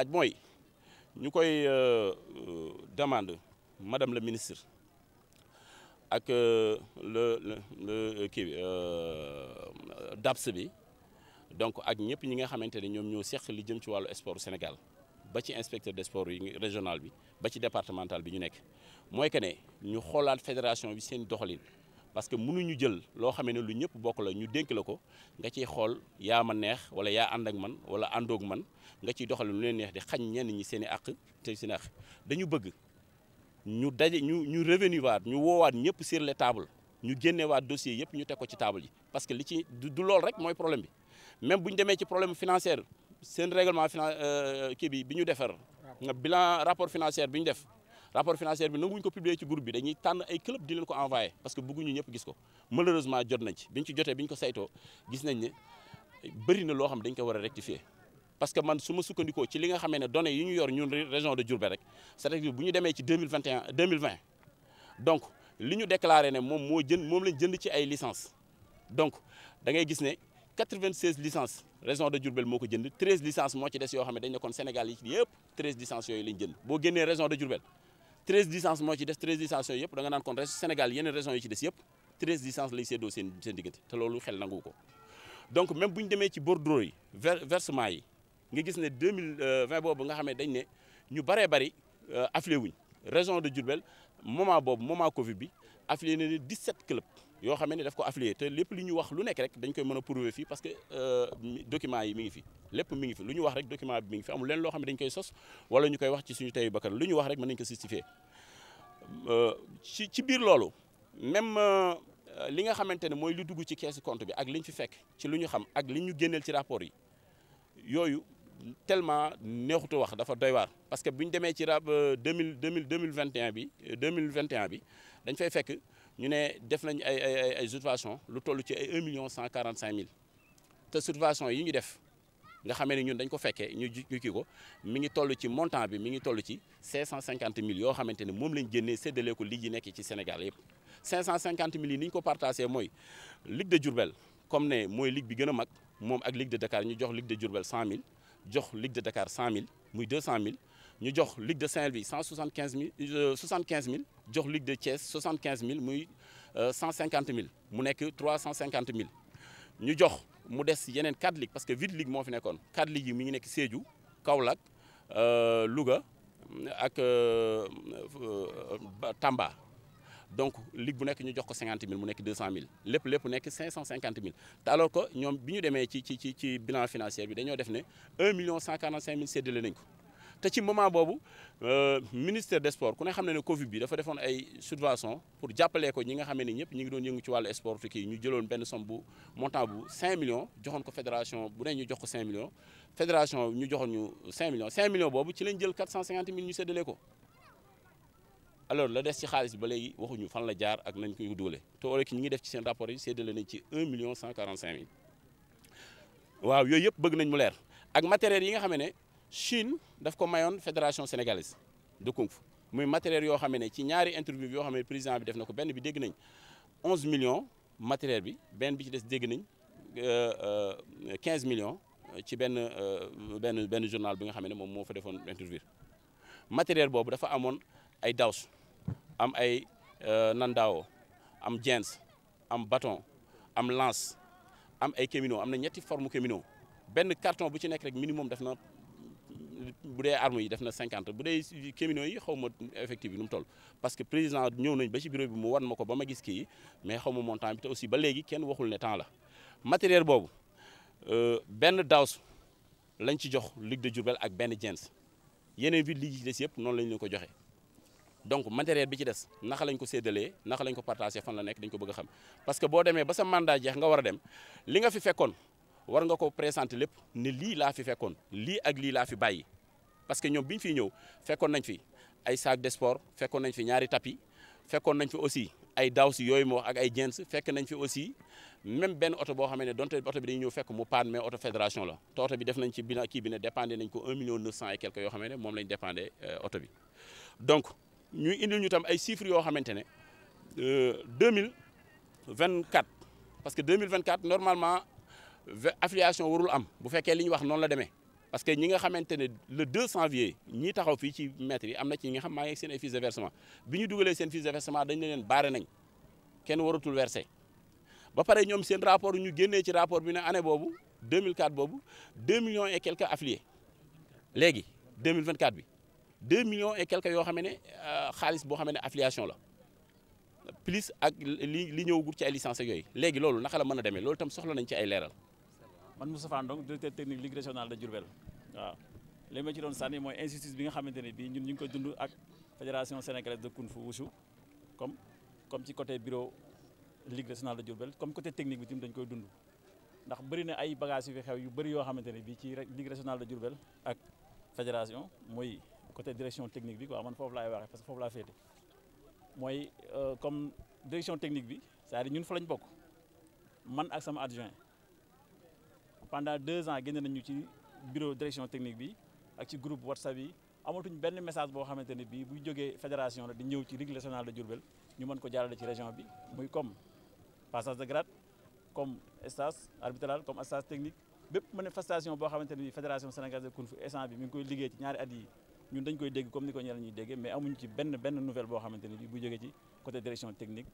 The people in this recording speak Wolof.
laaj mooy ñu koy euh, euh, demande madame la ministre ak euh, le le kii DAPS bi donc ak ñëpp ñi nga xamante ni ñoom ñoo seq li jëm ci wàllu sport Sénégal ba ci inspecteur de sports yi régional bi ba ci départemental bi ñu nekk mooy que ne ñu xoolaat fédération bi seen doxalin. parce que mënuñu jël loo xamee ne lu ñëpp bokk la ñu dénk la ko nga ciy xool yaa ma neex wala yaa ànd man wala àndoog man nga ciy doxale lu leen neex di xañ ñenn ñi seen i àq te seen i àq dañu bëgg ñu daje ñu ñu revenu waat ñu woowaat ñëpp sur les tables ñu waat dossier yëpp ñu teg ko ci table yi parce que li ci du lool rek mooy problème bi même bu ñu demee ci problème financier seen règlement finan euh, kii bi bi ñu defar nga bilan rapport financier bi ñu def rapport financier bi nanguwuñ ko publier ci groupe bi dañuy tànn ay club di leen ko envoyé parce que bëgguñu ñëpp gis ko malheureusement jot nañ ci biñ ci jotee biñ ko saytoo gis nañ ne bëri na loo xam dañ ko war a rectifier parce que man su ma sukkandikoo ci li nga xamee ne données ñu yor ñun région de Diourbel rek c'est-à-dire bu ñu demee ci 2021 2020 donc li ñu déclaré ne moom moo jën moom lañ jënd ci ay licence donc da ngay gis ne 96 licences région de Diourbel moo ko jënd 13 licences moo ci des yoo xam dañ ne kon région de Diourbel treize licences moo ci des treize licences yooyu yëpp da nga naan kon Sénégal yeneen régions yi ci des yëpp treize licences seen diggante te loolu xel nangu ko donc même bu ñu demee ci bordereau yi versement yi nga gis ne 2020 euh, boobu nga xam ne dañ ne ñu baree bari euh, affilié wuñ région de Diourbel moment boobu moment Covid bi affilié na ne 17 clubs yoo xam ne daf ko affilié te lépp li ñu wax lu nekk rek dañ koy mën a prouver fii parce que euh, document yi mi ngi fi lépp mi ngi fi lu ñu wax rek document bi mi ngi fi amul leen loo xam ne dañ wala ñu koy wax ci suñu teyu bakkan lu ñu wax rek mën nañ ko justifier euh, ci biir loolu même euh, li nga xamante ne mooy lu dugg ci keesu compte bi ak li ñu fi fekk ci lu ñu xam ak li ñu génneel ci rapport yi yooyu tellement neexutu wax dafa doy waar parce que bu ñu demee ci rab deux mille deux mille vingt et un bi deux mille vingt et un bi dañ fay fekk. ñu ne def nañ ay ay lu toll ci ay cent million 145 mille te subvention yi ñu def nga xamee ne ñun dañ ko fekkee ñu ñu kii ko mi ngi toll ci montant bi mi ngi toll ci 550 mille yoo xamante ne moom lañ génnee séddalee ko ligue yi nekk ci Sénégal yëpp 550 mille yi ni ñu ko partagé mooy ligue de Diourbel comme ne mooy ligue bi gën a mag moom ak ligue de Dakar ñu jox ligue de Diourbel 100 mille jox ligue de Dakar 100 mille muy ñu jox Ligue de Saint-Louis cent soixante quinze mille euh, soixante quinze jox Ligue de Thiès soixante quinze muy euh, cent cinquante mille mu nekk trois cent cinquante mille ñu jox mu des yeneen quatre ligues parce que huit ligues moo fi nekkoon quatre ligues yi mi ngi nekk Sédhiou Kaolack euh, Louga ak Tamba donc ligue bu nekk ñu jox ko cinquante mille mu nekk deux cent mille lépp lépp nekk cinq cent ñoom bi ñu demee ci ci ci ci bilan financier bi dañoo def ne un million cent quarante cinq mille séddale nañ ko. te ci moment boobu euh, ministère de sports ku ne xam ne ne Covid bi dafa defoon ay subvention pour jàppalee ko ñi nga xam ne ni ñëpp ñi ngi doon yëngu ci wàllu sport te kii ñu jëloon benn somme bu montant bu 5 millions joxoon bu ñu jox ko 5 millions fédération ñu joxoon ñu 5 millions 5 millions boobu ci lañ jël 450 000 ñu séddalee ko. alors la des ci xaalis ba léegi waxuñu fan la jaar ak nañ koy dugalee te wala ki ñu ngi def ci seen rapport yi séddale nañ ci 1 million 145 mille waaw yooyu yëpp bëgg nañ mu leer ak matériel yi nga xam ne. Chine daf ko mayoon fédération sénégalaise de kung fu muy matériel yoo xam ne ci ñaari interview yoo xam ne président bi def na ko benn bi dégg nañ 11 million matériel bi benn bi ci des dégg nañ 15 euh, euh, millions ci benn euh, benn benn journal bi nga xam ne moom moo fa defoon interview matériel boobu dafa amoon ay daws am ay nandaawo am jeans am baton am lance am ay kémino am na ñetti forme kémino benn carton bu ci nekk rek minimum def na bu dee armes yi def na cinquante bu dee kéminaux yi xaw ma effectif bi nu mu toll parce que président ñëw nañ ba ci bureau bi mu wan ma ko ba ma gis kii mais xaw ma montant bi te aussi ba léegi kenn waxul ne temps la matériel boobu euh, benn daws lañ ci jox Ligue de Diourbel ak benn Jens yeneen ville ligi ci des yëpp noonu lañ leen ko joxe donc matériel bi ci des naka lañ ko séddalee naka lañ ko partagé fan la nekk dañ ko bëgg a xam parce que boo demee ba sa mandat jeex nga war a dem li nga fi fekkoon war nga ko présenter lépp ne lii laa fi fekkoon lii ak lii laa fi bàyyi parce que ñoom bi ñu fiy ñëw fekkoon nañ fi ay sac de sport fekkoon nañ fi ñaari tapis fekkoon nañ fi aussi ay daaw si yooyu moo ak ay jeans fekk nañ fi aussi même benn oto boo xam ne donte oto bi te oto bi def nañ ci bilan kii bi ne dépendé nañ ko un million neuf cent et quelque yoo xam ne moom lañ dépendé euh, oto bi donc ñu indi ñu tam ay chiffres yoo xamante ne euh, deux mille mille vingt quatre normalement affiliation warul am bu fekkee li ñu wax noonu la demee parce que ñi nga xamante ne le 2 janvier ñii taxaw fii ci metre yi am na ci nga xam maa ngi seen ay fiches de versement bi ñu dugalee seen fiche de versement dañ leen baare nañ kenn waratul verser ba pare ñoom seen rapport ñu génnee ci rapport bi ne année boobu 2004 boobu 2 millions et quelques affiliés léegi 2024 bi 2 millions et quelque yoo xam ne euh, xaalis boo xam ne affiliation la plus ak li li ñëwagul ci ay licences ak yooyu léegi loolu naka la mën a demee soxla nañ ci ay leeral. man Moustapha Ndong directeur technique ligue régionale de Diourbel waaw li ma ci doon sànni mooy injustice bi nga xamante ne bi ñun ngi koy dund ak fédération sénégalaise de kung fu wushu comme comme ci côté bureau ligue régionale de Diourbel comme côté technique bi tamit dañ koy dund ndax bëri na ay bagages yu fi xew yu bëri yoo xamante ne bii ci ligue régionale de Diourbel ak fédération mooy côté direction technique bi quoi man foofu laay waxee parce que foofu laa féete mooy euh, comme direction technique bi cest ñun fa lañ bokk man ak sama adjoint pendant deux ans génne nañu ci bureau direction technique bi ak ci groupe whatsapp yi amatuñ benn message boo xamante ne bii buy jógee fédération la di ñëw ci ligue nationale de Diourbel ñu mën ko jaarale ci région bi muy comme passage de grade comme stage arbitral comme stage technique bépp manifestation boo xamante ne bii fédération sénégalaise de fu instant bi mi ngi koy liggéey ci ñaari at yi ñun dañ koy dégg comme ni ko ñeneen ñuy déggee mais amuñ benn benn nouvelle xamante ne bii buy jógee ci côté direction technique